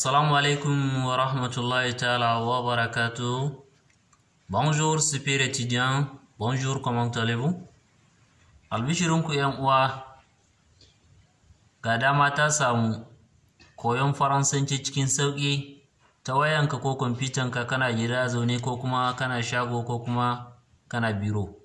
Assalamu alaikum wa rahmatullahi ta'ala wa barakatuh. Bonjour, super étudiant. Bonjour, comment allez-vous? Albishirinku ‘yan uwa, ga dama ta samu koyon Faransanci cikin sauƙi ta wayanka ko kwamfutanka kana gida zaune ko kuma kana shago ko kuma kana biro.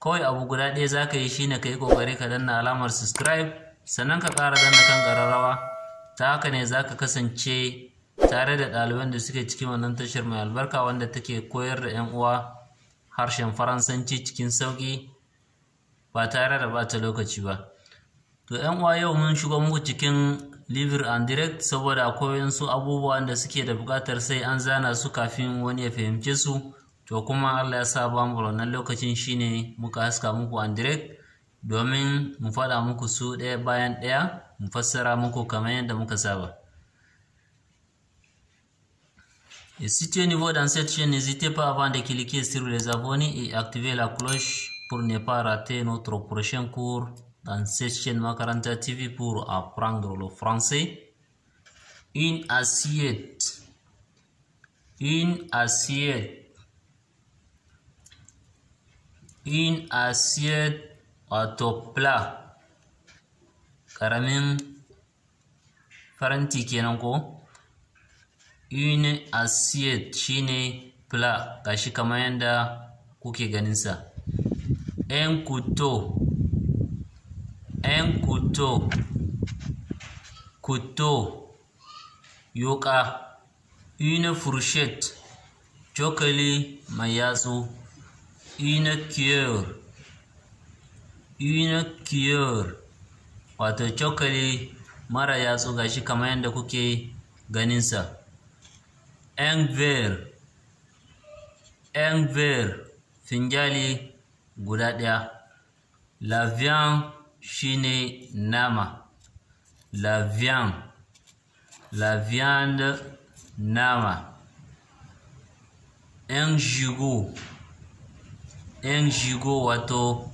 Kawai abu guda ɗaya za ka yi shine ka yi ƙoƙari ka danna alamar subscribe sannan ka ƙara danna kan ƙararrawa. ta haka ne za ka kasance tare da ɗaliban da suke cikin wannan tashar mai albarka wanda take koyar da 'yan uwa harshen faransanci cikin sauƙi ba tare da bata lokaci ba to 'yan uwa yau mun shigo muku cikin liver and direct saboda akwai su abubuwan da suke da buƙatar sai an zana su kafin wani ya fahimce su to kuma allah ya sa ba mu wannan lokacin shine muka haska muku and direct domin mu faɗa muku su ɗaya bayan ɗaya Mufassara muku kamar yadda muka saba et si tu es nouveau dans cette chaîne n'hésitez pas avant de cliquer sur les abonnés et activer la cloche pour ne pas rater notre prochain cours dans cette chaîne Macaranta TV pour apprendre le français une assiette une assiette une assiette à top plat Karamin faranti kenan ko une assiette shine pla gashi kamar yadda kuke ganin sa en kuto en kuto kuto yoka une fourchette cokali mai yatsu une cuillère une cuillère wato cokali mara yatsu ga shi kamar yadda kuke ganinsa enver enver finjali guda ɗaya lavian shine nama lavian lavian nama enjigo enjigo wato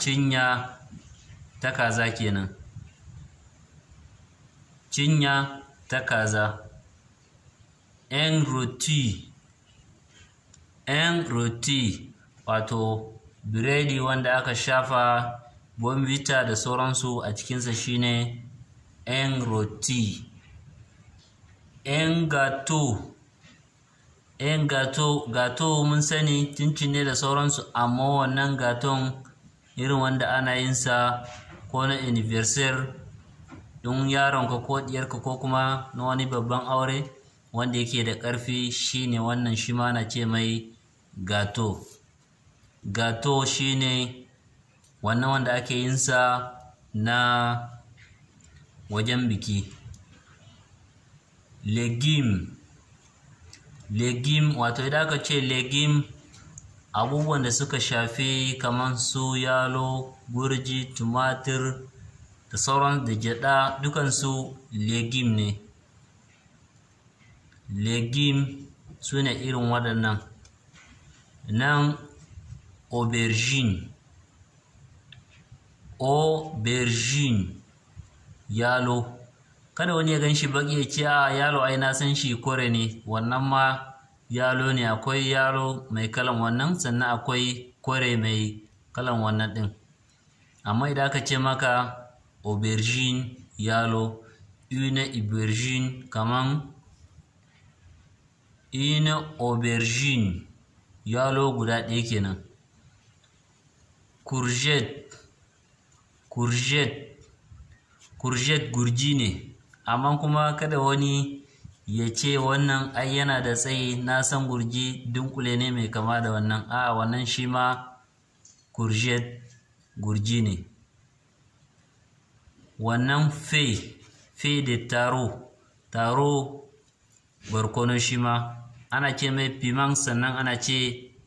cinya ta kaza kenan cinya ta kaza en roti en roti wato biredi wanda aka shafa bombita da sauransu a cikinsa shine en roti en gato en gato gato mun sani cincin ne da sauransu amma wannan gaton irin wanda ana yin sa ko na anniversary ɗin yaronka ko ɗiyarka ko kuma na wani babban aure wanda yake da ƙarfi shine wannan shi ma na ce mai gato gato shine wannan wanda ake yin sa na wajen biki legume legume wato idan aka ce legume abubuwan da suka shafi kamar su yalo gurji tumatir da sauran da gyaɗa dukansu legim ne legim su ne irin waɗannan nan aubergine aubergine yalo kada wani ya gan shi baƙi ya ce a ah, yalo ai na san shi kore ne wannan ma yalo ne akwai yalo mai kalan wannan sannan akwai kore mai kalan wannan ɗin amma idan aka ce maka aubergine yalo une aubergine kaman une aubergine yalo guda ɗaya kenan courgette courgette courgette gurji ne amma kuma kada wani ya ce wannan ai yana da tsayi na san gurji dunkule ne mai kama da wannan a wannan shi ma kurjet gurji ne wannan fe fe da taro taro barkono shi ma ana ce mai piman sannan ana ce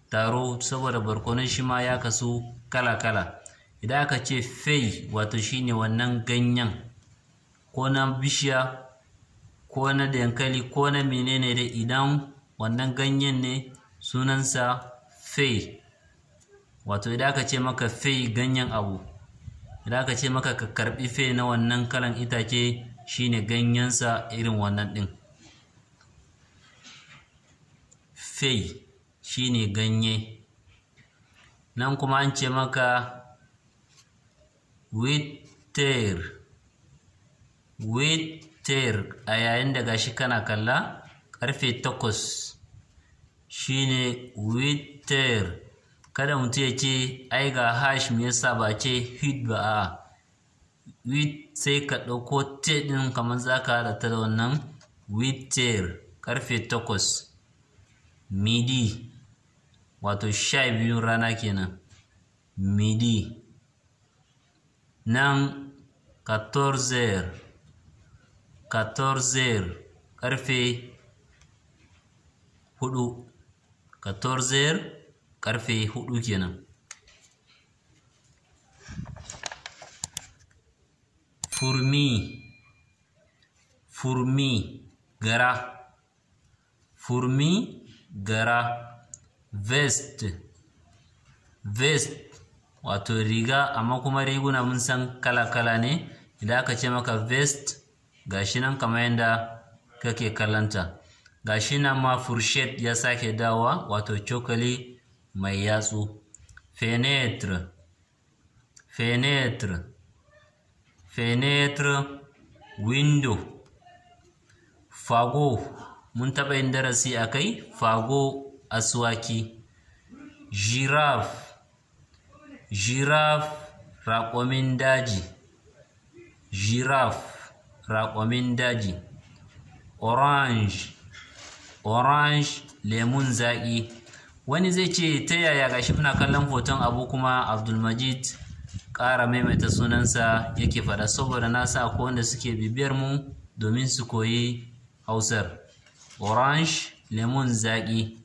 taro saboda barkonon shi ma ya kasu kala-kala idan aka ce fai wato shine wannan ganyen ko na bishiya ko na dankali ko na menene da idan wannan ganyen ne sunansa fei wato idan aka ce maka fei ganyen abu idan aka ce maka ka karbi fei na wannan kalan itace shine ganyensa irin wannan din fei shine ganye nan kuma an ce maka witter. wit Tayar a yayin da gashi kana kalla karfe takwas shine witer kada mutu ya ce ai ga hash me yasa ba ce hit ba a wit sai ka ɗauko te ɗin kamar za ka haɗa ta da wannan witer karfe takwas midi wato sha biyun rana kenan midi nan 14 14 karfe 4 14 karfe hudu kenan furmi furmi gara furmi gara vest vest wato riga amma kuma riguna mun san kala-kala ne idan aka ce maka vest shi nan kamar yadda kake kallanta shi nan ma furshet ya sake dawa wato cokali mai yatsu fenetre fenetre fenetre window fago mun taɓa yin darasi a kai fago aswaki giraffe giraffe raƙumin daji giraffe raƙumin daji orange orange lemun zaƙi wani zai ce ta yaya gashi muna kallon hoton abu kuma abdulmajid ƙara maimaita sunansa yake faɗa saboda na sa ko suke bibiyar mu domin su koyi hausar orange lemun zaƙi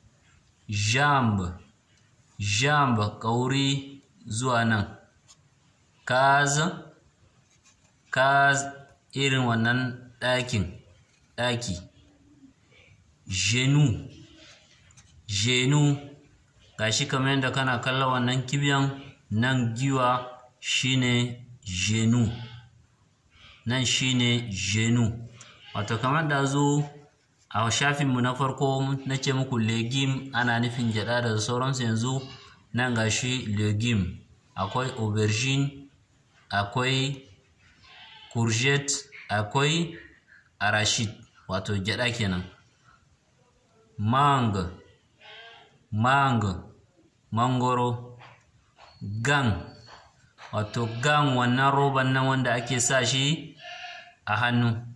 jamb jamb ƙauri zuwa nan kaz kaz irin wannan ɗakin ɗaki jenu jenu gashi kamar yadda kana kalla wannan kibiyan nan giwa shine jenu nan shine jenu wato kamar da zo a shafinmu na farko na ce muku legim ana nufin gyaɗa da sauransu yanzu nan gashi legim akwai aubergine akwai courgette akwai arashid wato gyada kenan mang mang mangoro gang wato gang wannan roban nan wanda ake sa shi a hannu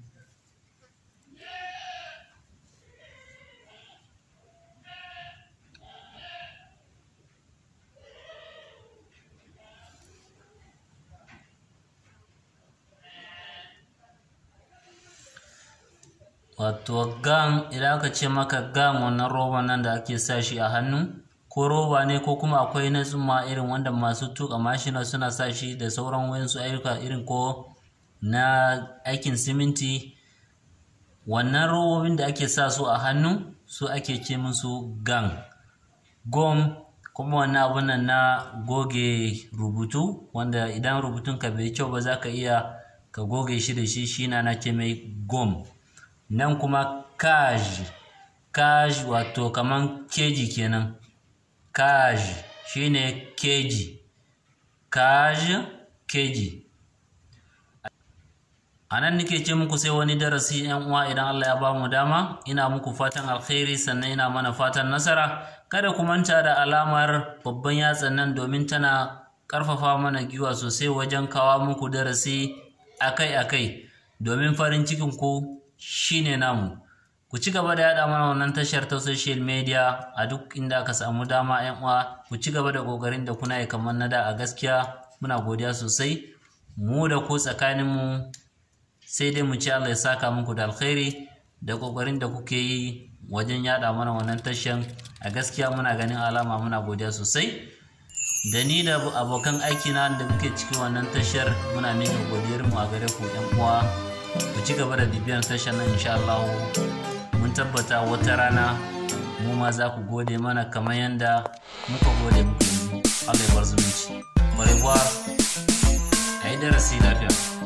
wato gan idan aka ce maka gan wannan roba nan da ake sa shi a hannu ko roba ne ko kuma akwai na tsumma irin wanda masu tuka mashina suna sa shi da sauran wayansu ayyuka irin ko na aikin siminti wannan robobin da ake sa su a hannu su ake ce musu gang gom kuma wannan abun na goge rubutu wanda idan rubutun ka bai kyau ba za ka iya ka goge shi da shi shi na na ce mai gom nan kuma kaji/kaji wato kaman keji kenan kaji shine keji (kaji keji a nan nake ce muku sai wani darasi yan uwa idan Allah ya ba mu dama ina muku fatan alkhairi sannan ina mana fatan nasara kada ku manta da alamar babban yatsan nan domin tana ƙarfafa mana giwa sosai wajen kawo muku darasi akai-akai domin farin cikin ku shine namu ku ci gaba da yada mana wannan tashar ta social media a duk inda ka samu dama yan uwa ku ci gaba da kokarin da kuna yi kamar na da a gaskiya muna godiya sosai mu da ku tsakanin mu sai dai mu ci Allah ya saka muku da alkhairi da kokarin da kuke yi wajen yada mana wannan tashar a gaskiya muna ganin alama muna godiya sosai da ni da abokan aiki na da muke cikin wannan tashar muna miƙa godiyar mu a gare ku yan uwa ku ci gaba da bibiyar sashen nan insha Allah mun tabbata wata rana mu ma za ku gode mana kamar yadda muka gode muku yanzu Allah ya bar zumunci. Au revoir. A yi darasi lafiya.